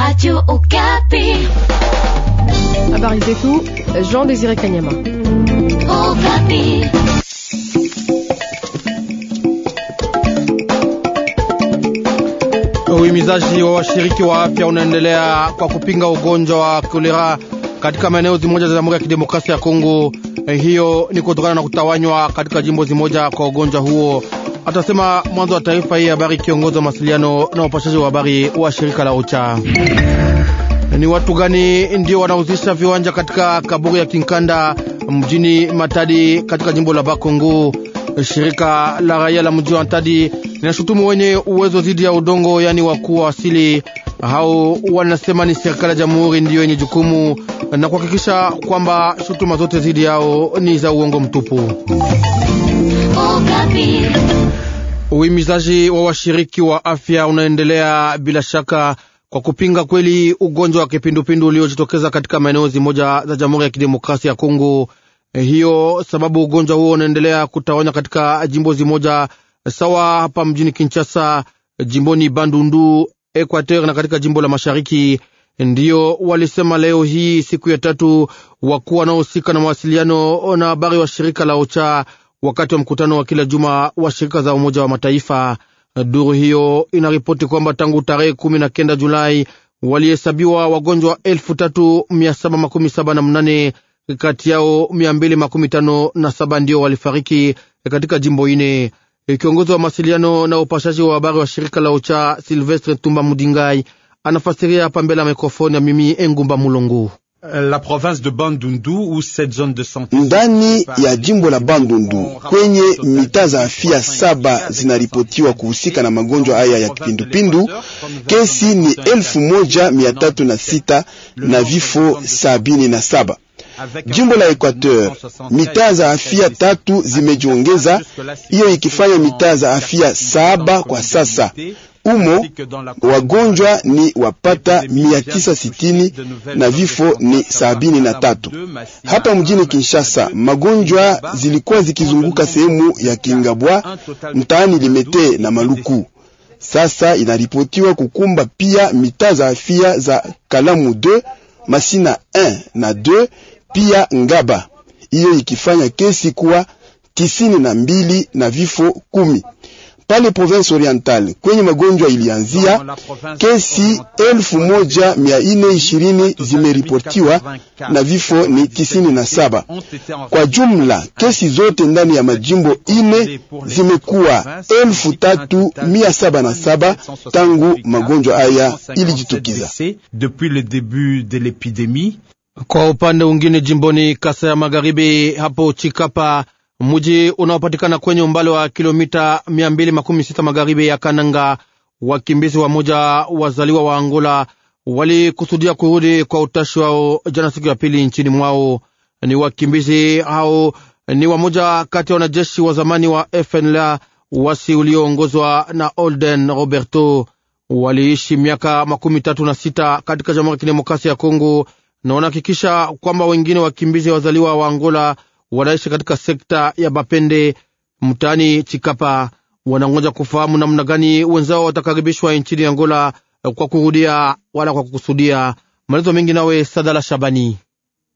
Radio Okapi. Habari zetu Jean Désiré Kanyama. Okapi. Uhimizaji wa washiriki wa afya unaendelea kwa kupinga ugonjwa wa kolera katika maeneo zimoja za Jamhuri ya Kidemokrasia ya Kongo. Eh, hiyo ni kutokana na kutawanywa katika jimbo zimoja kwa ugonjwa huo atasema mwanzo wa taarifa hii habari, kiongozi wa mawasiliano na upashaji wa habari wa shirika la Ucha. Ni watu gani ndio wanahuzisha viwanja katika kaburi ya Kinkanda mjini Matadi katika jimbo la Bakongo? Shirika la raia la mji wa Matadi linashutumu wenye uwezo dhidi ya udongo, yaani wakuu wa asili hao wanasema ni serikali ya jamhuri ndiyo yenye jukumu na kuhakikisha kwamba shutuma zote dhidi yao ni za uongo mtupu. Uhimizaji wa washiriki wa afya unaendelea bila shaka kwa kupinga kweli ugonjwa wa kipindupindu uliojitokeza katika maeneo zimoja za Jamhuri ya Kidemokrasia ya Kongo. Eh, hiyo sababu ugonjwa huo unaendelea kutawanya katika jimbo zimoja sawa hapa mjini Kinshasa, jimboni Bandundu, Equateur na katika jimbo la Mashariki. Ndiyo walisema leo hii siku ya tatu wakuu wanaohusika na mawasiliano na habari wa shirika la OCHA wakati wa mkutano wa kila juma wa shirika za Umoja wa Mataifa. Duru hiyo inaripoti kwamba tangu tarehe kumi na kenda Julai walihesabiwa wagonjwa elfu tatu mia saba makumi saba na mnane kati yao mia mbili makumi tano na saba ndio walifariki katika jimbo ine. Kiongozi wa masiliano na upashaji wa habari wa shirika la Ocha Silvestre Tumba Mudingai anafasiria hapa mbele ya mikrofoni ya mimi Engumba Mulungu. Euh, la province de Bandundu, ou cette zone de santé ndani ya jimbo la Bandundu kwenye mitaa za afya saba zinaripotiwa kuhusika na magonjwa haya ya kipindupindu. Kesi ni elfu moja mia tatu na sita na vifo sabini na saba. Jimbo la Equateur mitaa za afya tatu zimejiongeza, hiyo ikifanya mitaa za afya saba kwa sasa umo wagonjwa ni wapata mia tisa sitini na vifo ni sabini na tatu. Hapa mjini Kinshasa magonjwa zilikuwa zikizunguka sehemu ya Kingabwa mtaani Limete na Maluku. Sasa inaripotiwa kukumba pia mitaa za afya za Kalamu 2, Masina 1 na 2, pia Ngaba, hiyo ikifanya kesi kuwa tisini na mbili na vifo kumi pale province orientale kwenye magonjwa ilianzia kesi elfu moja mia nne ishirini zimeripotiwa na vifo ni tisini na saba. Kwa jumla kesi zote ndani ya majimbo ine zimekuwa elfu tatu mia saba na saba tangu magonjwa haya ilijitukiza. Kwa upande mwingine, jimboni Kasa ya Magharibi hapo Chikapa mji unaopatikana kwenye umbali wa kilomita 216 magharibi ya Kananga. Wakimbizi wa moja wazaliwa wa Angola walikusudia kurudi kwa utashi wao jana siku ya pili nchini mwao. Ni wakimbizi hao ni wamoja kati ya wanajeshi wa zamani wa FNL wasi ulioongozwa na Olden Roberto. Waliishi miaka makumi tatu na sita katika Jamhuri ya Kidemokrasia ya Kongo, na wanahakikisha kwamba wengine wakimbizi wazaliwa wa Angola wanaishi katika sekta ya Bapende mtaani Chikapa wanangoja kufahamu namna gani wenzao watakaribishwa nchini Angola kwa kurudia wala kwa kukusudia. Maelezo mengi nawe Sadala Shabani.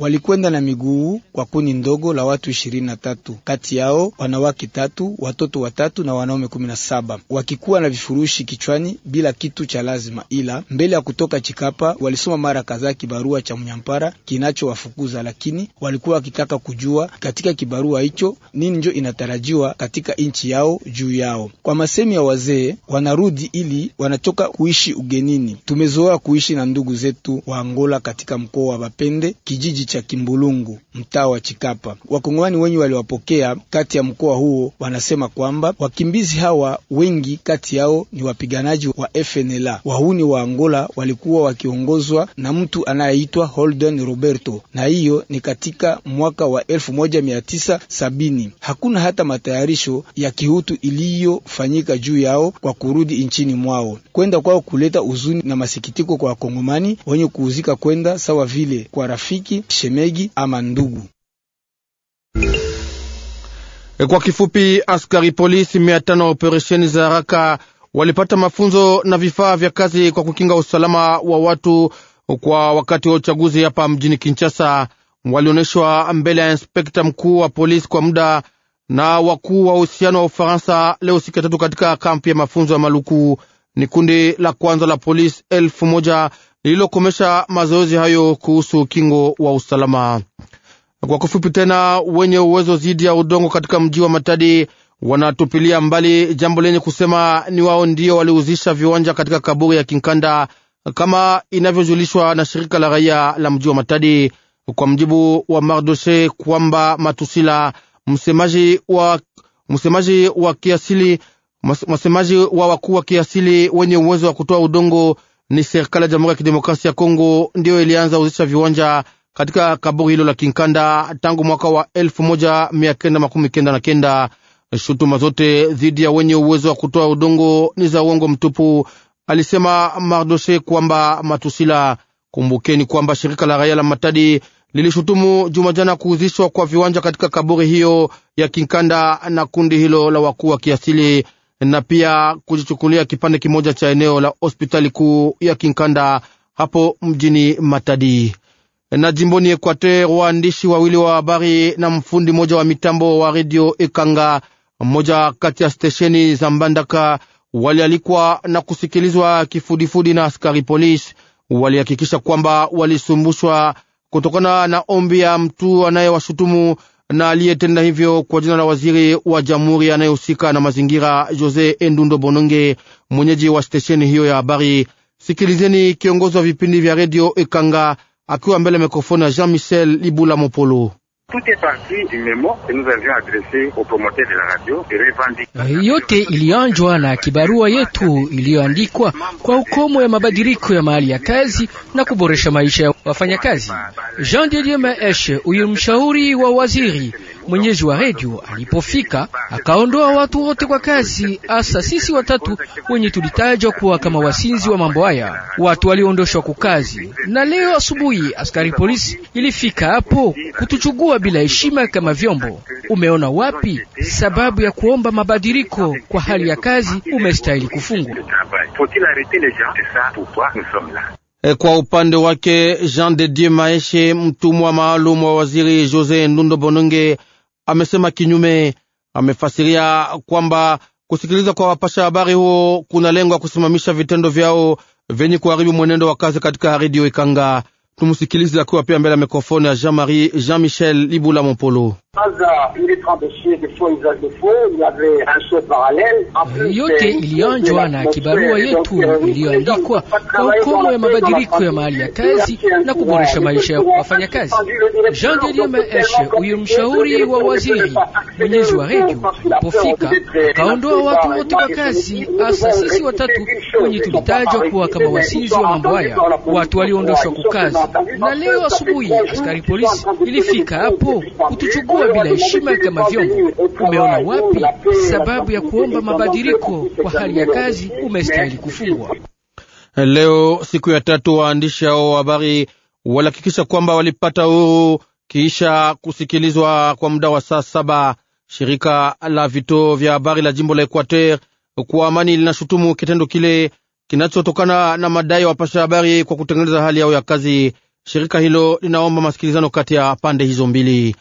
Walikwenda na miguu kwa kundi ndogo la watu ishirini na tatu, kati yao wanawake tatu, watoto watatu na wanaume kumi na saba, wakikuwa na vifurushi kichwani bila kitu cha lazima. Ila mbele ya kutoka Chikapa walisoma mara kadhaa kibarua cha mnyampara kinachowafukuza, lakini walikuwa wakitaka kujua katika kibarua hicho nini njo inatarajiwa katika nchi yao juu yao. Kwa masemi ya wazee, wanarudi ili wanatoka kuishi ugenini. Tumezoea kuishi na ndugu zetu wa Angola katika mkoa wa Bapende kijiji cha Kimbulungu, mtaa wa Chikapa. Wakongomani wenye waliwapokea kati ya mkoa huo wanasema kwamba wakimbizi hawa wengi kati yao ni wapiganaji wa FNLA. Wahuni wa Angola walikuwa wakiongozwa na mtu anayeitwa Holden Roberto, na hiyo ni katika mwaka wa 1970. Hakuna hata matayarisho ya kihutu iliyofanyika juu yao kwa kurudi nchini mwao. Kwenda kwao kuleta huzuni na masikitiko kwa wakongomani wenye kuhuzika kwenda sawa vile kwa rafiki shemegi ama ndugu. E, kwa kifupi, askari polisi mia tano operesheni za haraka walipata mafunzo na vifaa vya kazi kwa kukinga usalama wa watu kwa wakati wa uchaguzi hapa mjini Kinshasa. Walionyeshwa mbele ya inspekta mkuu wa polisi kwa muda na wakuu wa uhusiano wa Ufaransa leo siku ya tatu katika kampi ya mafunzo ya Maluku. Ni kundi la kwanza la polisi elfu moja lililokomesha mazoezi hayo kuhusu ukingo wa usalama. Kwa kufupi tena, wenye uwezo dhidi ya udongo katika mji wa Matadi wanatupilia mbali jambo lenye kusema ni wao ndio waliuzisha viwanja katika kaburi ya Kinkanda kama inavyojulishwa na shirika la raia la mji wa Matadi, kwa mjibu wa Mardoshe kwamba Matusila, msemaji wa msemaji wa kiasili msemaji wa wakuu wa kiasili wenye uwezo wa kutoa udongo ni serikali ya Jamhuri ya Kidemokrasia ya Kongo ndiyo ilianza uzisha viwanja katika kaburi hilo la Kinkanda tangu mwaka wa elfu moja mia kenda makumi kenda na kenda. Shutuma zote dhidi ya wenye uwezo wa kutoa udongo ni za uongo mtupu, alisema Mardoshe kwamba Matusila. Kumbukeni kwamba shirika la raia la Matadi lilishutumu juma jana kuuzishwa kwa viwanja katika kaburi hiyo ya Kinkanda na kundi hilo la wakuu wa kiasili na pia kujichukulia kipande kimoja cha eneo la hospitali kuu ya Kinkanda hapo mjini Matadi. Na jimboni Ekwater, waandishi wawili wa habari na mfundi mmoja wa mitambo wa redio Ekanga, mmoja kati ya stesheni za Mbandaka, walialikwa na kusikilizwa kifudifudi na askari polisi. Walihakikisha kwamba walisumbushwa kutokana na ombi ya mtu anayewashutumu na aliyetenda hivyo kwa jina la waziri wa jamhuri anayehusika na mazingira Jose Endundo Bononge, mwenyeji wa stesheni hiyo ya habari. Sikilizeni kiongozi wa vipindi vya redio Ekanga akiwa mbele ya mikrofoni ya Jean Michel Libula Mopolo. Tout est parti du que nous avions adressé au promoteur de la radio et euh, Yote ilianjwa na kibarua yetu iliyoandikwa kwa ukomo ya mabadiliko ya mahali ya kazi na kuboresha maisha ya wafanyakazi. Jean de Dieu Maeshe, huyu mshauri wa waziri Mwenyeji wa redio alipofika akaondoa watu wote kwa kazi, hasa sisi watatu wenye tulitajwa kuwa kama wasinzi wa mambo haya. Watu waliondoshwa kwa kazi, na leo asubuhi askari polisi ilifika hapo kutuchugua bila heshima kama vyombo. Umeona wapi sababu ya kuomba mabadiliko kwa hali ya kazi? Umestahili kufungwa. Eh, kwa upande wake Jean de Dieu Maeshe, mtumwa maalum wa waziri Jose Ndundo Bononge, amesema kinyume. Amefasiria kwamba kusikiliza kwa wapasha habari huo kuna lengo ya kusimamisha vitendo vyao vyenye kuharibu mwenendo wa kazi katika redio Ikanga. Tumsikilize akiwa pia mbele ya mikrofoni ya Jean Marie Jean Michel Libula Mopolo. Kwanza il y avait un Yote ilionjwa na kibarua yetu iliyoandikwa kwa ukomo ya mabadiliko ya mahali ya kazi na kuboresha maisha ya wafanyakazi. Jean de Maeshe, huyu mshauri wa waziri mwenyezi wa redio, pofika, akaondoa watu wote wa kazi, hasa ah, sisi watatu wenye tulitajwa kuwa kama wasinzi wa mambo haya. Watu waliondoshwa kukazi, na leo asubuhi askari polisi ilifika hapo kutuchukua bila heshima kama vyombo. Umeona wapi sababu ya kuomba mabadiliko kwa hali ya kazi? Umestahili kufungwa. Leo siku ya tatu, waandishi hao wa habari walihakikisha kwamba walipata huru kisha kusikilizwa kwa muda wa saa saba. Shirika la vituo vya habari la jimbo la Equateur kwa amani linashutumu kitendo kile kinachotokana na madai ya wapasha habari kwa kutengeneza hali yao ya kazi. Shirika hilo linaomba masikilizano kati ya pande hizo mbili.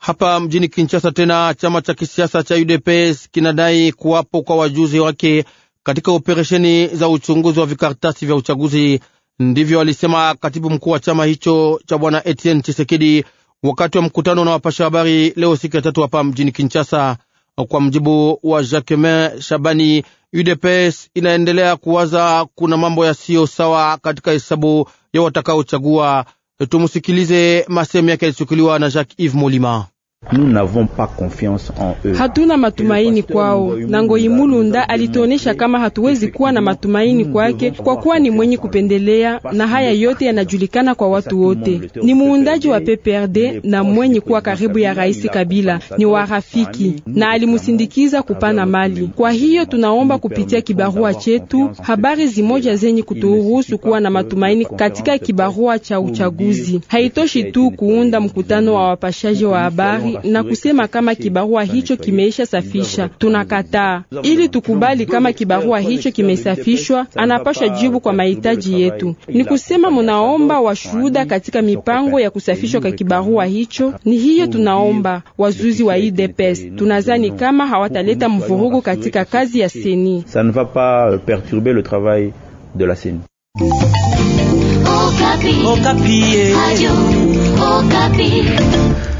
Hapa mjini Kinshasa tena chama cha kisiasa cha UDPS kinadai kuwapo kwa wajuzi wake katika operesheni za uchunguzi wa vikaratasi vya uchaguzi. Ndivyo alisema katibu mkuu wa chama hicho cha bwana Etienne Chisekedi wakati wa mkutano na wapasha habari leo siku ya tatu hapa mjini Kinshasa. Kwa mjibu wa Jacquemin Shabani, UDPS inaendelea kuwaza kuna mambo yasiyo sawa katika hesabu ya watakaochagua. Tumusikilize masemi yake alichukuliwa na Jacques Yves Molima. Hatuna matumaini kwao, na Ngoyimulunda alituonesha kama hatuwezi kuwa na matumaini kwake, kwa kuwa ni mwenye kupendelea, na haya yote yanajulikana kwa watu wote. Ni muundaji wa PPRD na mwenye kuwa karibu ya Rais Kabila, ni wa rafiki na alimusindikiza kupana mali. Kwa hiyo tunaomba kupitia kibarua chetu habari zimoja zenye kutuhusu kuwa na matumaini katika kibarua cha uchaguzi. Haitoshi tu kuunda mkutano wa wapashaji wa habari na kusema kama kibarua hicho kimeisha safisha. Tunakataa. Ili tukubali kama kibarua hicho kimesafishwa, anapasha jibu kwa mahitaji yetu. Ni kusema munaomba washuhuda katika mipango ya kusafishwa kwa kibarua hicho. Ni hiyo tunaomba wazuzi wa UDPS. Tunazani kama hawataleta mvurugu katika kazi ya seni. Euh, de la scène. Okapi. Eh.